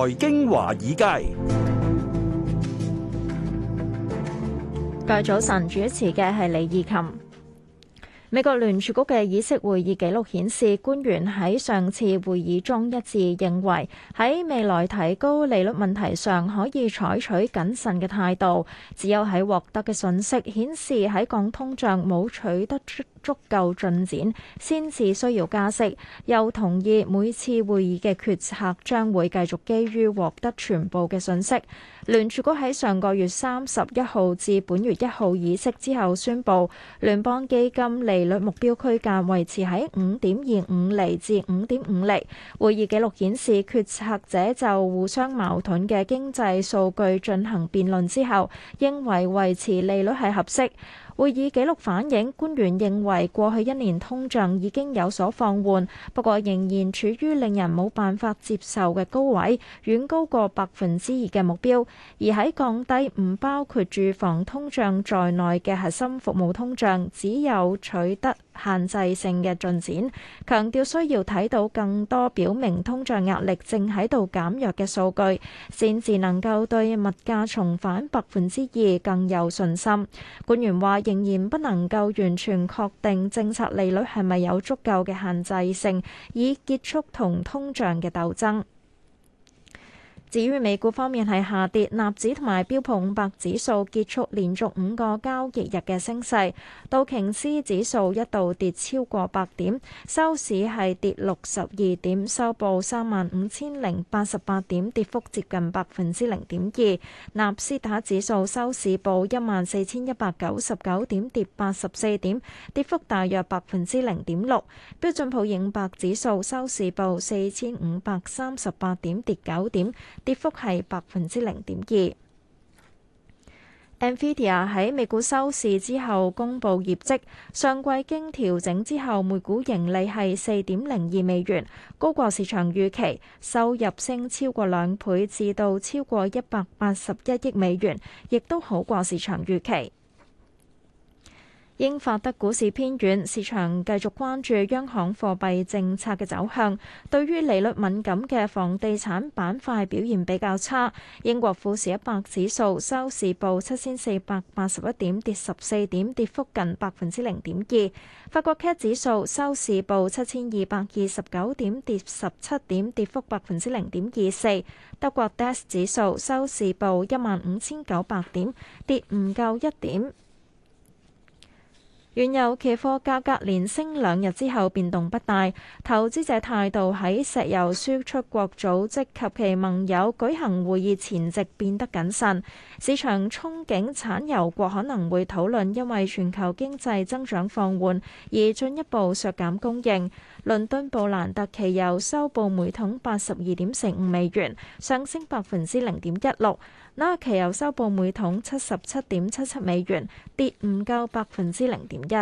財經華爾街，各位早晨，主持嘅係李義琴。美國聯儲局嘅議息會議記錄顯示，官員喺上次會議中一致認為，喺未來提高利率問題上可以採取謹慎嘅態度。只有喺獲得嘅訊息顯示喺港通脹冇取得。足夠進展，先至需要加息。又同意每次會議嘅決策將會繼續基於獲得全部嘅信息。聯儲局喺上個月三十一號至本月一號議息之後，宣布聯邦基金利率目標區間維持喺五點二五厘至五點五厘。會議紀錄顯示，決策者就互相矛盾嘅經濟數據進行辯論之後，認為維持利率係合適。會議記錄反映官員認為過去一年通脹已經有所放緩，不過仍然處於令人冇辦法接受嘅高位，遠高過百分之二嘅目標。而喺降低唔包括住房通脹在內嘅核心服務通脹，只有取得限制性嘅進展。強調需要睇到更多表明通脹壓力正喺度減弱嘅數據，先至能夠對物價重返百分之二更有信心。官員話，仍然不能夠完全確定政策利率係咪有足夠嘅限制性，以結束同通脹嘅鬥爭。至於美股方面係下跌，納指同埋標普五百指數結束連續五個交易日嘅升勢，道瓊斯指數一度跌超過百點，收市係跌六十二點，收報三萬五千零八十八點，跌幅接近百分之零點二。納斯達克指數收市報一萬四千一百九十九點，跌八十四點，跌幅大約百分之零點六。標準普爾五百指數收市報四千五百三十八點，跌九點。跌幅係百分之零點二。Nvidia 喺美股收市之後公佈業績，上季經調整之後每股盈利係四點零二美元，高過市場預期，收入升超過兩倍，至到超過一百八十一億美元，亦都好過市場預期。英法德股市偏軟，市場繼續關注央行貨幣政策嘅走向。對於利率敏感嘅房地產板塊表現比較差。英國富時一百指數收市報七千四百八十一點，跌十四點，跌幅近百分之零點二。法國 CAC 指數收市報七千二百二十九點，跌十七點，跌幅百分之零點二四。德國 DAX 指數收市報一萬五千九百點，跌唔夠一點。原油期貨價格連升兩日之後變動不大，投資者態度喺石油輸出國組織及其盟友舉行會議前夕變得謹慎。市場憧憬產油國可能會討論，因為全球經濟增長放緩而進一步削減供應。倫敦布蘭特期油收報每桶八十二點四五美元，上升百分之零點一六；那期油收報每桶七十七點七七美元，跌唔夠百分之零點。一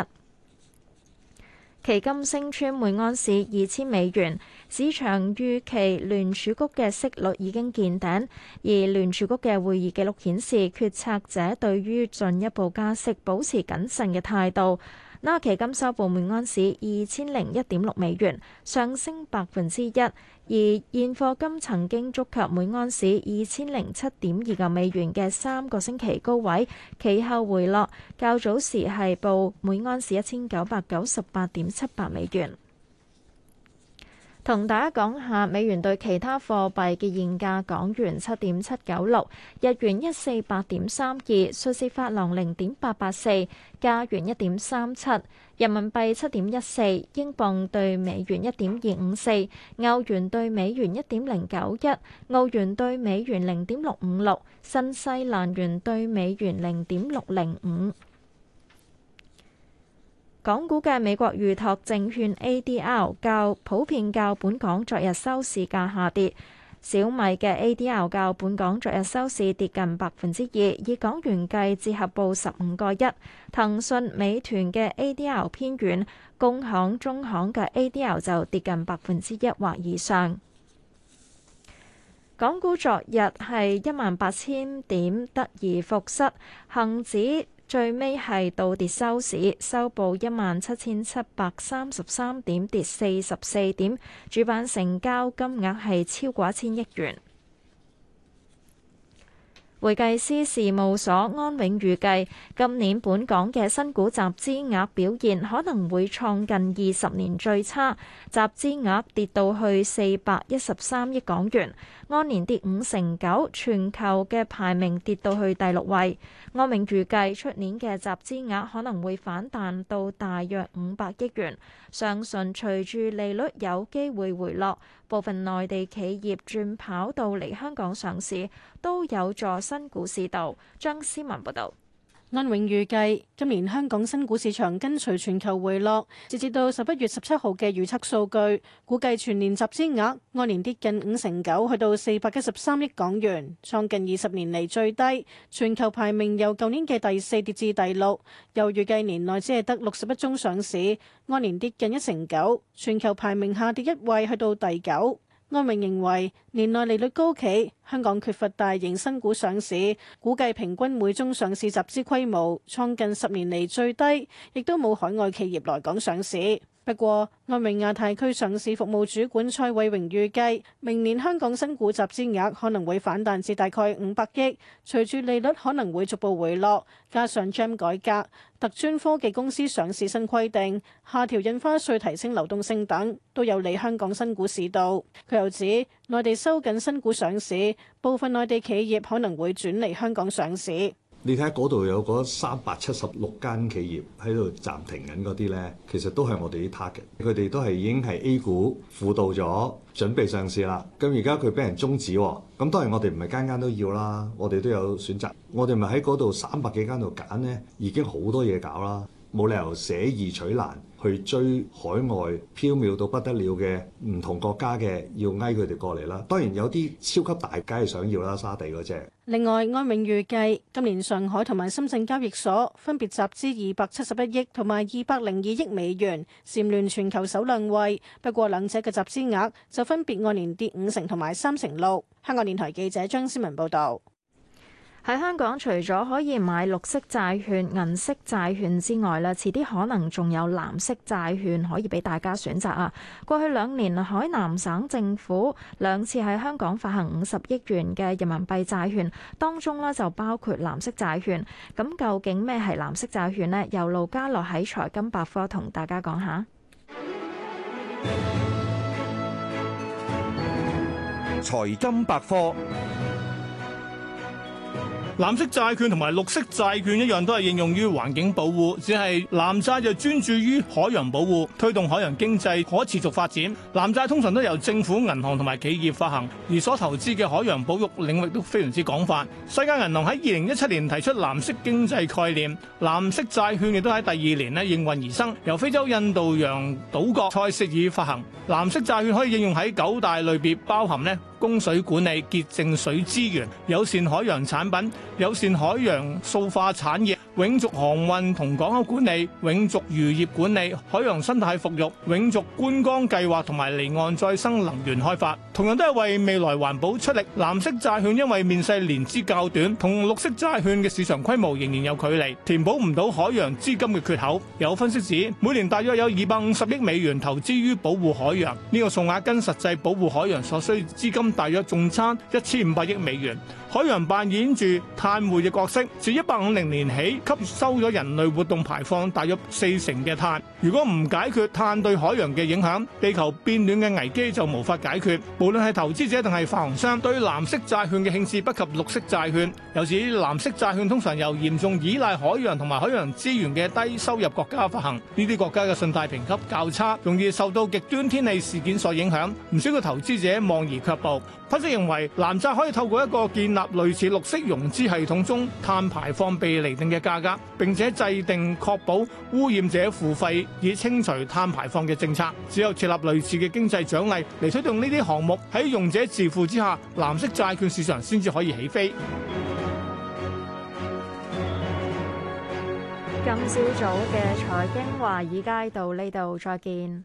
期金升穿每安士二千美元，市場預期聯儲局嘅息率已經見頂，而聯儲局嘅會議記錄顯示，決策者對於進一步加息保持謹慎嘅態度。紐期金收報每盎司二千零一點六美元，上升百分之一，而現貨金曾經觸及每盎司二千零七點二九美元嘅三個星期高位，其後回落，較早時係報每盎司一千九百九十八點七八美元。同大家講下美元對其他貨幣嘅現價：港元七點七九六，日元一四八點三二，瑞士法郎零點八八四，加元一點三七，人民幣七點一四，英鎊對美元一點二五四，歐元對美元一點零九一，澳元對美元零點六五六，新西蘭元對美元零點六零五。港股嘅美國預託證，證券 ADR 較普遍較本港昨日收市價下跌，小米嘅 ADR 較本港昨日收市跌近百分之二，以港元計折合報十五個一。騰訊、美團嘅 ADR 偏遠，工行、中行嘅 ADR 就跌近百分之一或以上。港股昨日係一萬八千點，得而復失，恆指。最尾係倒跌收市，收報一萬七千七百三十三點，跌四十四點。主板成交金額係超過一千億元。會計師事務所安永預計，今年本港嘅新股集資額表現可能會創近二十年最差，集資額跌到去四百一十三億港元，按年跌五成九，全球嘅排名跌到去第六位。安永預計出年嘅集資額可能會反彈到大約五百億元，相信隨住利率有機會回落。部分內地企業轉跑道嚟香港上市，都有助新股市道。張思文報導。安永預計今年香港新股市場跟隨全球回落，截至到十一月十七號嘅預測數據，估計全年集資額按年跌近五成九，去到四百一十三億港元，創近二十年嚟最低。全球排名由舊年嘅第四跌至第六，又預計年內只係得六十一宗上市，按年跌近一成九，全球排名下跌一位，去到第九。安永認為，年內利率高企，香港缺乏大型新股上市，估計平均每宗上市集資規模創近十年嚟最低，亦都冇海外企業來港上市。不過，安永亞太區上市服務主管蔡偉榮預計，明年香港新股集資額可能會反彈至大概五百億。隨住利率可能會逐步回落，加上 GEM 改革、特專科技公司上市新規定、下調印花稅、提升流動性等，都有利香港新股市道。佢又指，內地收緊新股上市，部分內地企業可能會轉嚟香港上市。你睇下嗰度有嗰三百七十六間企業喺度暫停緊嗰啲咧，其實都係我哋啲 target。佢哋都係已經係 A 股輔導咗，準備上市啦。咁而家佢俾人終止，咁當然我哋唔係間間都要啦，我哋都有選擇，我哋咪喺嗰度三百幾間度揀咧，已經好多嘢搞啦，冇理由捨易取難。去追海外縹緲到不得了嘅唔同國家嘅，要挨佢哋過嚟啦。當然有啲超級大皆想要啦，沙地嗰隻。另外，安永預計今年上海同埋深圳交易所分別集資二百七十一億同埋二百零二億美元，蟬聯全球首兩位。不過兩者嘅集資額就分別按年跌五成同埋三成六。香港電台記者張思文報道。喺香港，除咗可以買綠色債券、銀色債券之外咧，遲啲可能仲有藍色債券可以俾大家選擇啊！過去兩年海南省政府兩次喺香港發行五十億元嘅人民幣債券，當中咧就包括藍色債券。咁究竟咩係藍色債券呢？由盧家樂喺財金百科同大家講下。財金百科。藍色債券同埋綠色債券一樣，都係應用於環境保護，只係藍債就專注於海洋保護，推動海洋經濟可持續發展。藍債通常都由政府、銀行同埋企業發行，而所投資嘅海洋保育領域都非常之廣泛。世界銀行喺二零一七年提出藍色經濟概念，藍色債券亦都喺第二年呢應運而生，由非洲印度洋島國塞舌爾發行。藍色債券可以應用喺九大類別，包含呢，供水管理、潔淨水資源、友善海洋產品、友善海洋塑化產業。永續航運同港口管理、永續漁業管理、海洋生態復育、永續觀光計劃同埋離岸再生能源開發，同樣都係為未來環保出力。藍色債券因為面世年資較短，同綠色債券嘅市場規模仍然有距離，填補唔到海洋資金嘅缺口。有分析指，每年大約有二百五十億美元投資於保護海洋，呢、這個數額跟實際保護海洋所需資金大約仲差一千五百億美元。海洋扮演住碳匯嘅角色，自一八五零年起。吸收咗人類活動排放大約四成嘅碳。如果唔解決碳對海洋嘅影響，地球變暖嘅危機就無法解決。無論係投資者定係發行商，對藍色債券嘅興致不及綠色債券。由於藍色債券通常由嚴重依賴海洋同埋海洋資源嘅低收入國家發行，呢啲國家嘅信貸評級較差，容易受到極端天氣事件所影響，唔少嘅投資者望而卻步。分析認為，藍債可以透過一個建立類似綠色融資系統中碳排放被釐定嘅價。並且制定確保污染者付費以清除碳排放嘅政策。只有設立類似嘅經濟獎勵嚟推動呢啲項目，喺用者自付之下，藍色債券市場先至可以起飛。今朝早嘅財經華爾街到呢度，再見。